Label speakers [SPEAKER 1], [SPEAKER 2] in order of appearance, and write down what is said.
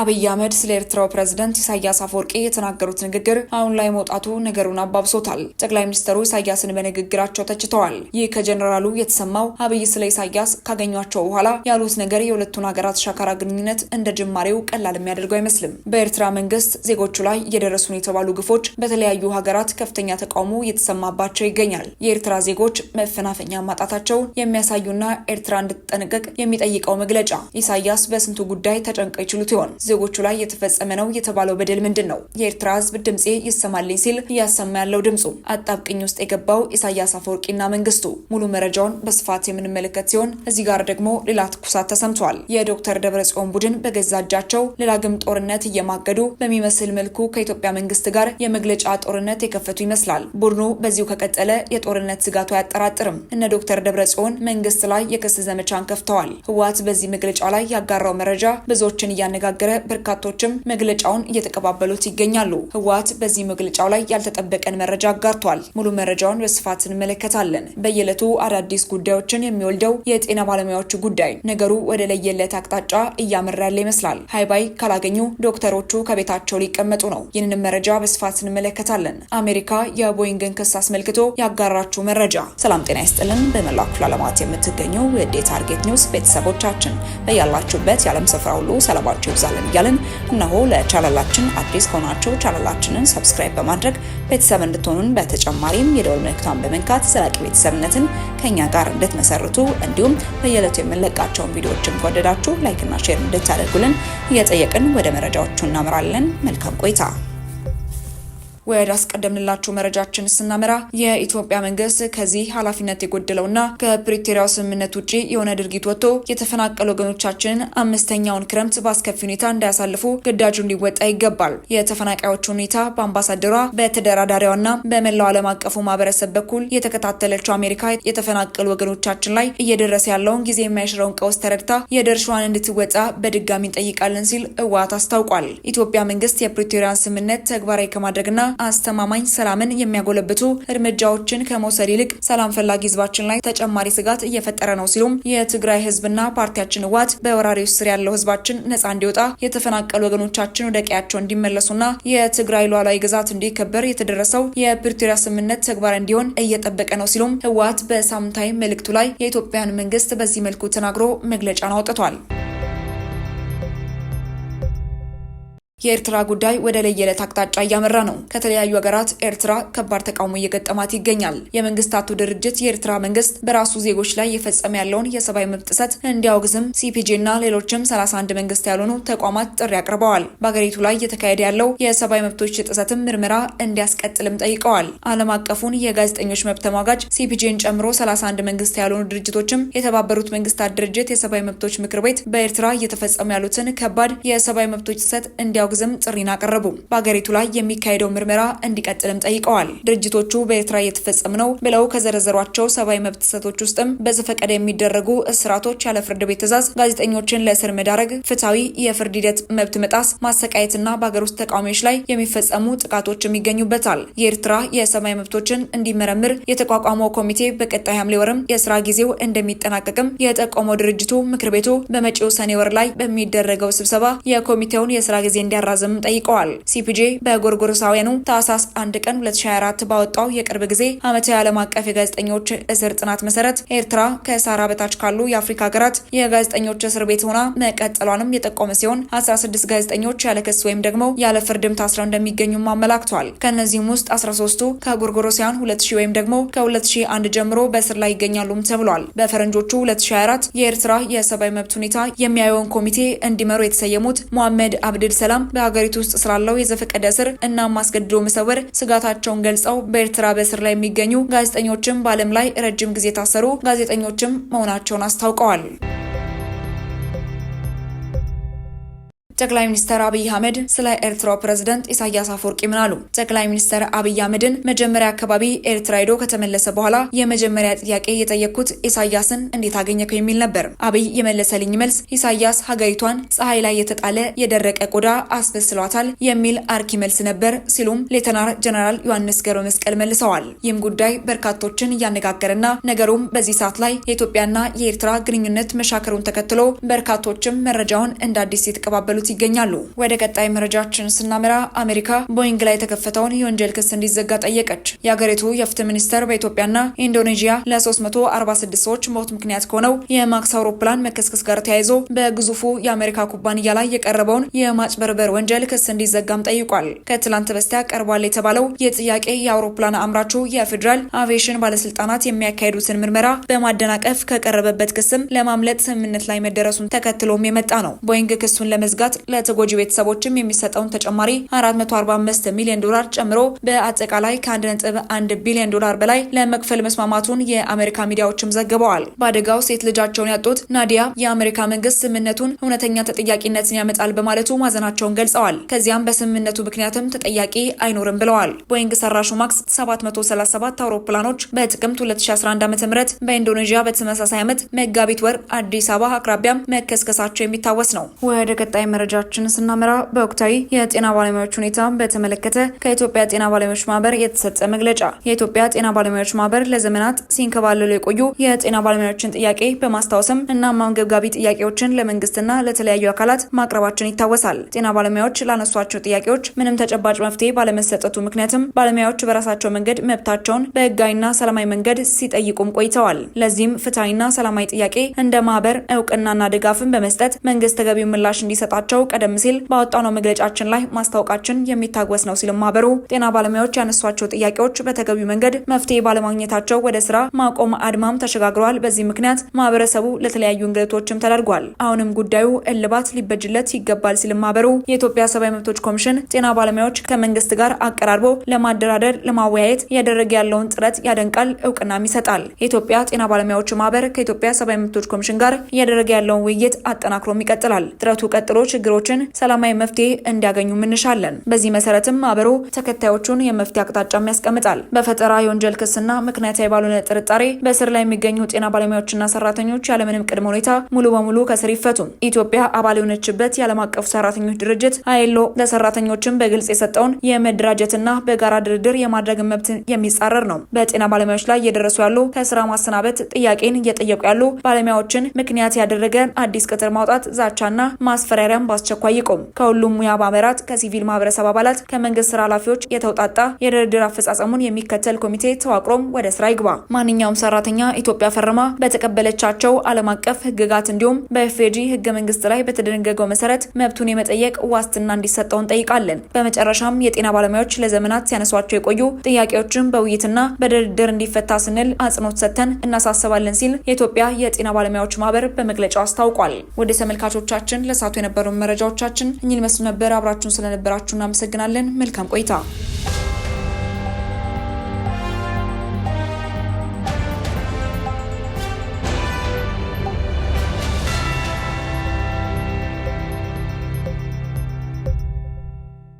[SPEAKER 1] አብይ አህመድ ስለ ኤርትራው ፕሬዝደንት ኢሳያስ አፈወርቂ የተናገሩት ንግግር አሁን ላይ መውጣቱ ነገሩን አባብሶታል። ጠቅላይ ሚኒስትሩ ኢሳያስን በንግግራቸው ተችተዋል። ይህ ከጀኔራሉ የተሰማው አብይ ስለ ኢሳያስ ካገኟቸው በኋላ ያሉት ነገር የሁለቱን ሀገራት ሻካራ ግንኙነት እንደ ጅማሬው ቀላል የሚያደርገው አይመስልም። በኤርትራ መንግስት ዜጎቹ ላይ እየደረሱ ነው የተባሉ ግፎች በተለያዩ ሀገራት ከፍተኛ ተቃውሞ እየተሰማባቸው ይገኛል። የኤርትራ ዜጎች መፈናፈኛ ማጣታቸው የሚያሳዩና ኤርትራ እንድትጠነቀቅ የሚጠይቀው መግለጫ ኢሳያስ በስንቱ ጉዳይ ተጨንቀው ይችሉት ይሆን? ዜጎቹ ላይ የተፈጸመ ነው የተባለው በደል ምንድን ነው? የኤርትራ ህዝብ ድምፄ ይሰማልኝ ሲል እያሰማ ያለው ድምፁ አጣብቅኝ ውስጥ የገባው ኢሳያስ አፈወርቂና መንግስቱ ሙሉ መረጃውን በስፋት የምንመለከት ሲሆን እዚህ ጋር ደግሞ ሌላ ትኩሳት ተሰምቷል። የዶክተር ደብረጽዮን ቡድን በገዛ እጃቸው ለዳግም ጦርነት እየማገዱ በሚመስል መልኩ ከኢትዮጵያ መንግስት ጋር የመግለጫ ጦርነት የከፈቱ ይመስላል። ቡድኑ በዚሁ ከቀጠለ የጦርነት ስጋቱ አያጠራጥርም። እነ ዶክተር ደብረጽዮን መንግስት ላይ የክስ ዘመቻን ከፍተዋል። ህወሓት በዚህ መግለጫ ላይ ያጋራው መረጃ ብዙዎችን እያነጋገረ እንደተናገረ በርካቶችም መግለጫውን እየተቀባበሉት ይገኛሉ። ህወሓት በዚህ መግለጫው ላይ ያልተጠበቀን መረጃ አጋርቷል። ሙሉ መረጃውን በስፋት እንመለከታለን። በየዕለቱ አዳዲስ ጉዳዮችን የሚወልደው የጤና ባለሙያዎቹ ጉዳይ ነገሩ ወደ ለየለት አቅጣጫ እያመራ ያለ ይመስላል። ሀይባይ ካላገኙ ዶክተሮቹ ከቤታቸው ሊቀመጡ ነው። ይህንን መረጃ በስፋት እንመለከታለን። አሜሪካ የቦይንግን ክስ አስመልክቶ ያጋራችው መረጃ። ሰላም ጤና ይስጥልን። በመላው ክፍለ ዓለማት የምትገኙ የዴ ታርጌት ኒውስ ቤተሰቦቻችን በያላችሁበት የዓለም ስፍራ ሁሉ ሰላማችሁ ይብዛል እንችላለን እያልን እነሆ ለቻናላችን አዲስ ከሆናችሁ ቻናላችንን ሰብስክራይብ በማድረግ ቤተሰብ እንድትሆኑን በተጨማሪም የደወል ምልክቷን በመንካት ዘላቂ ቤተሰብነትን ከኛ ጋር እንድትመሰርቱ እንዲሁም በየዕለቱ የምንለቃቸውን ቪዲዮዎችን ከወደዳችሁ ላይክና ሼር እንድታደርጉልን እየጠየቅን ወደ መረጃዎቹ እናምራለን። መልካም ቆይታ
[SPEAKER 2] ወደ አስቀደምንላችሁ መረጃችን ስናመራ የኢትዮጵያ መንግስት ከዚህ ኃላፊነት የጎደለውና ከፕሪቶሪያው ስምምነት ውጭ የሆነ ድርጊት ወጥቶ የተፈናቀሉ ወገኖቻችንን አምስተኛውን ክረምት በአስከፊ ሁኔታ እንዳያሳልፉ ግዳጁ እንዲወጣ ይገባል። የተፈናቃዮቹ ሁኔታ በአምባሳደሯ በተደራዳሪዋና በመላው ዓለም አቀፉ ማህበረሰብ በኩል የተከታተለችው አሜሪካ የተፈናቀሉ ወገኖቻችን ላይ እየደረሰ ያለውን ጊዜ የማይሽረውን ቀውስ ተረድታ የድርሻዋን እንድትወጣ በድጋሚ እንጠይቃለን ሲል እዋት አስታውቋል። ኢትዮጵያ መንግስት የፕሪቶሪያን ስምምነት ተግባራዊ ከማድረግና አስተማማኝ ሰላምን የሚያጎለብቱ እርምጃዎችን ከመውሰድ ይልቅ ሰላም ፈላጊ ህዝባችን ላይ ተጨማሪ ስጋት እየፈጠረ ነው ሲሉም የትግራይ ህዝብና ፓርቲያችን ህወሓት በወራሪዎች ስር ያለው ህዝባችን ነጻ እንዲወጣ፣ የተፈናቀሉ ወገኖቻችን ወደ ቀያቸው እንዲመለሱና የትግራይ ሉዓላዊ ግዛት እንዲከበር የተደረሰው የፕሪቶሪያ ስምምነት ተግባራዊ እንዲሆን እየጠበቀ ነው ሲሉም ህወሓት በሳምንታዊ መልእክቱ ላይ የኢትዮጵያን መንግስት በዚህ መልኩ ተናግሮ መግለጫን አውጥቷል። የኤርትራ ጉዳይ ወደ ለየለት አቅጣጫ እያመራ ነው። ከተለያዩ ሀገራት ኤርትራ ከባድ ተቃውሞ እየገጠማት ይገኛል። የመንግስታቱ ድርጅት የኤርትራ መንግስት በራሱ ዜጎች ላይ የፈጸመ ያለውን የሰብአዊ መብት ጥሰት እንዲያወግዝም ሲፒጂ እና ሌሎችም 31 መንግስት ያልሆኑ ተቋማት ጥሪ አቅርበዋል። በሀገሪቱ ላይ እየተካሄደ ያለው የሰብአዊ መብቶች ጥሰትም ምርመራ እንዲያስቀጥልም ጠይቀዋል። ዓለም አቀፉን የጋዜጠኞች መብት ተሟጋጅ ሲፒጂን ጨምሮ 31 መንግስት ያልሆኑ ድርጅቶችም የተባበሩት መንግስታት ድርጅት የሰብአዊ መብቶች ምክር ቤት በኤርትራ እየተፈጸሙ ያሉትን ከባድ የሰብአዊ መብቶች ጥሰት እንዲያ እንዲያወግዝም ጥሪን አቀረቡ። በሀገሪቱ ላይ የሚካሄደው ምርመራ እንዲቀጥልም ጠይቀዋል። ድርጅቶቹ በኤርትራ እየተፈጸሙ ነው ብለው ከዘረዘሯቸው ሰብአዊ መብት ጥሰቶች ውስጥም በዘፈቀደ የሚደረጉ እስራቶች፣ ያለ ፍርድ ቤት ትእዛዝ ጋዜጠኞችን ለእስር መዳረግ፣ ፍትሐዊ የፍርድ ሂደት መብት መጣስ፣ ማሰቃየትና በሀገር ውስጥ ተቃዋሚዎች ላይ የሚፈጸሙ ጥቃቶችም ይገኙበታል። የኤርትራ የሰብአዊ መብቶችን እንዲመረምር የተቋቋመው ኮሚቴ በቀጣይ ሐምሌ ወርም የስራ ጊዜው እንደሚጠናቀቅም የጠቆመው ድርጅቱ ምክር ቤቱ በመጪው ሰኔ ወር ላይ በሚደረገው ስብሰባ የኮሚቴውን የስራ ጊዜ እንዲያ እንዲያራዝም ጠይቀዋል። ሲፒጄ በጎርጎርሳውያኑ ታህሳስ አንድ ቀን 2024 ባወጣው የቅርብ ጊዜ ዓመታዊ ዓለም አቀፍ የጋዜጠኞች እስር ጥናት መሰረት ኤርትራ ከሳራ በታች ካሉ የአፍሪካ ሀገራት የጋዜጠኞች እስር ቤት ሆና መቀጠሏንም የጠቆመ ሲሆን 16 ጋዜጠኞች ያለ ክስ ወይም ደግሞ ያለ ፍርድም ታስረው እንደሚገኙም አመላክቷል። ከእነዚህም ውስጥ 13ቱ 20 2000 ወይም ደግሞ ከ2001 ጀምሮ በእስር ላይ ይገኛሉም ተብሏል። በፈረንጆቹ 2024 የኤርትራ የሰብአዊ መብት ሁኔታ የሚያየውን ኮሚቴ እንዲመሩ የተሰየሙት ሞሐመድ አብድል ሰላም በሀገሪቱ ውስጥ ስላለው የዘፈቀደ እስር እና ማስገድዶ መሰወር ስጋታቸውን ገልጸው በኤርትራ በእስር ላይ የሚገኙ ጋዜጠኞችም በዓለም ላይ ረጅም ጊዜ የታሰሩ ጋዜጠኞችም መሆናቸውን አስታውቀዋል። ጠቅላይ ሚኒስትር አብይ አህመድ ስለ ኤርትራው ፕሬዝደንት ኢሳያስ አፈወርቂ ምን አሉ? ጠቅላይ ሚኒስትር አብይ አህመድን መጀመሪያ አካባቢ ኤርትራ ሄዶ ከተመለሰ በኋላ የመጀመሪያ ጥያቄ የጠየቅኩት ኢሳያስን እንዴት አገኘከው የሚል ነበር። አብይ የመለሰልኝ መልስ ኢሳያስ ሀገሪቷን ፀሐይ ላይ የተጣለ የደረቀ ቆዳ አስበስሏታል የሚል አርኪ መልስ ነበር ሲሉም ሌተናር ጀነራል ዮሐንስ ገብረ መስቀል መልሰዋል። ይህም ጉዳይ በርካቶችን እያነጋገረና ነገሩም በዚህ ሰዓት ላይ የኢትዮጵያና የኤርትራ ግንኙነት መሻከሩን ተከትሎ በርካቶችም መረጃውን እንደ አዲስ የተቀባበሉት በክስ ይገኛሉ። ወደ ቀጣይ መረጃችን ስናመራ አሜሪካ ቦይንግ ላይ የተከፈተውን የወንጀል ክስ እንዲዘጋ ጠየቀች። የአገሪቱ የፍትህ ሚኒስተር በኢትዮጵያና ኢንዶኔዥያ ለ346 ሰዎች ሞት ምክንያት ከሆነው የማክስ አውሮፕላን መከስከስ ጋር ተያይዞ በግዙፉ የአሜሪካ ኩባንያ ላይ የቀረበውን የማጭበርበር ወንጀል ክስ እንዲዘጋም ጠይቋል። ከትላንት በስቲያ ቀርቧል የተባለው የጥያቄ የአውሮፕላን አምራቹ የፌዴራል አቪዬሽን ባለስልጣናት የሚያካሂዱትን ምርመራ በማደናቀፍ ከቀረበበት ክስም ለማምለጥ ስምምነት ላይ መደረሱን ተከትሎም የመጣ ነው። ቦይንግ ክሱን ለመዝጋት ለተጎጂ ቤተሰቦችም የሚሰጠውን ተጨማሪ 445 ሚሊዮን ዶላር ጨምሮ በአጠቃላይ ከ1.1 ቢሊዮን ዶላር በላይ ለመክፈል መስማማቱን የአሜሪካ ሚዲያዎችም ዘግበዋል። በአደጋው ሴት ልጃቸውን ያጡት ናዲያ የአሜሪካ መንግስት ስምምነቱን እውነተኛ ተጠያቂነትን ያመጣል በማለቱ ማዘናቸውን ገልጸዋል። ከዚያም በስምምነቱ ምክንያትም ተጠያቂ አይኖርም ብለዋል። ቦይንግ ሰራሹ ማክስ 737 አውሮፕላኖች በጥቅምት 2011 ዓ.ም በኢንዶኔዥያ በተመሳሳይ ዓመት መጋቢት ወር አዲስ አበባ አቅራቢያም መከስከሳቸው የሚታወስ ነው። ወደ ቀጣይ መረጃ መረጃችን ስናመራ በወቅታዊ የጤና ባለሙያዎች ሁኔታ በተመለከተ ከኢትዮጵያ ጤና ባለሙያዎች ማህበር የተሰጠ መግለጫ። የኢትዮጵያ ጤና ባለሙያዎች ማህበር ለዘመናት ሲንከባለሉ የቆዩ የጤና ባለሙያዎችን ጥያቄ በማስታወስም እና ማንገብጋቢ ጥያቄዎችን ለመንግስትና ለተለያዩ አካላት ማቅረባችን ይታወሳል። ጤና ባለሙያዎች ላነሷቸው ጥያቄዎች ምንም ተጨባጭ መፍትሄ ባለመሰጠቱ ምክንያትም ባለሙያዎች በራሳቸው መንገድ መብታቸውን በህጋዊና ሰላማዊ መንገድ ሲጠይቁም ቆይተዋል። ለዚህም ፍትሐዊና ሰላማዊ ጥያቄ እንደ ማህበር እውቅናና ድጋፍን በመስጠት መንግስት ተገቢው ምላሽ እንዲሰጣቸው መሆናቸው ቀደም ሲል ባወጣነው መግለጫችን ላይ ማስታወቃችን የሚታወስ ነው ሲልም ማህበሩ ጤና ባለሙያዎች ያነሷቸው ጥያቄዎች በተገቢ መንገድ መፍትሄ ባለማግኘታቸው ወደ ስራ ማቆም አድማም ተሸጋግረዋል። በዚህ ምክንያት ማህበረሰቡ ለተለያዩ እንግልቶችም ተዳርጓል። አሁንም ጉዳዩ እልባት ሊበጅለት ይገባል ሲልም ማህበሩ የኢትዮጵያ ሰብአዊ መብቶች ኮሚሽን ጤና ባለሙያዎች ከመንግስት ጋር አቀራርቦ ለማደራደር ለማወያየት እያደረገ ያለውን ጥረት ያደንቃል፣ እውቅናም ይሰጣል። የኢትዮጵያ ጤና ባለሙያዎች ማህበር ከኢትዮጵያ ሰብአዊ መብቶች ኮሚሽን ጋር እያደረገ ያለውን ውይይት አጠናክሮም ይቀጥላል። ጥረቱ ቀጥሎ ችግሩ ችግሮችን ሰላማዊ መፍትሄ እንዲያገኙ እንሻለን። በዚህ መሰረትም ማህበሩ ተከታዮቹን የመፍትሄ አቅጣጫም ያስቀምጣል። በፈጠራ የወንጀል ክስና ምክንያታዊ ባልሆነ ጥርጣሬ በእስር ላይ የሚገኙ ጤና ባለሙያዎችና ሰራተኞች ያለምንም ቅድመ ሁኔታ ሙሉ በሙሉ ከስር ይፈቱ። ኢትዮጵያ አባል የሆነችበት የዓለም አቀፉ ሰራተኞች ድርጅት አይሎ ለሰራተኞችም በግልጽ የሰጠውን የመደራጀትና በጋራ ድርድር የማድረግ መብት የሚጻረር ነው። በጤና ባለሙያዎች ላይ እየደረሱ ያሉ ከስራ ማሰናበት ጥያቄን እየጠየቁ ያሉ ባለሙያዎችን ምክንያት ያደረገ አዲስ ቅጥር ማውጣት ዛቻና ማስፈራሪያም በማስፈጸም በአስቸኳይ ይቆሙ። ከሁሉም ሙያ ማህበራት፣ ከሲቪል ማህበረሰብ አባላት፣ ከመንግስት ስራ ኃላፊዎች የተውጣጣ የድርድር አፈጻጸሙን የሚከተል ኮሚቴ ተዋቅሮም ወደ ስራ ይግባ። ማንኛውም ሰራተኛ ኢትዮጵያ ፈርማ በተቀበለቻቸው ዓለም አቀፍ ህግጋት እንዲሁም በኤፌጂ ህገ መንግስት ላይ በተደነገገው መሰረት መብቱን የመጠየቅ ዋስትና እንዲሰጠው እንጠይቃለን። በመጨረሻም የጤና ባለሙያዎች ለዘመናት ሲያነሷቸው የቆዩ ጥያቄዎችን በውይይትና በድርድር እንዲፈታ ስንል አጽንኦት ሰጥተን እናሳስባለን ሲል የኢትዮጵያ የጤና ባለሙያዎች ማህበር በመግለጫው አስታውቋል። ወደ ተመልካቾቻችን ለሳቱ የነበሩ መረጃዎቻችን እኚህን ይመስሉ ነበር። አብራችሁን ስለነበራችሁ እናመሰግናለን። መልካም ቆይታ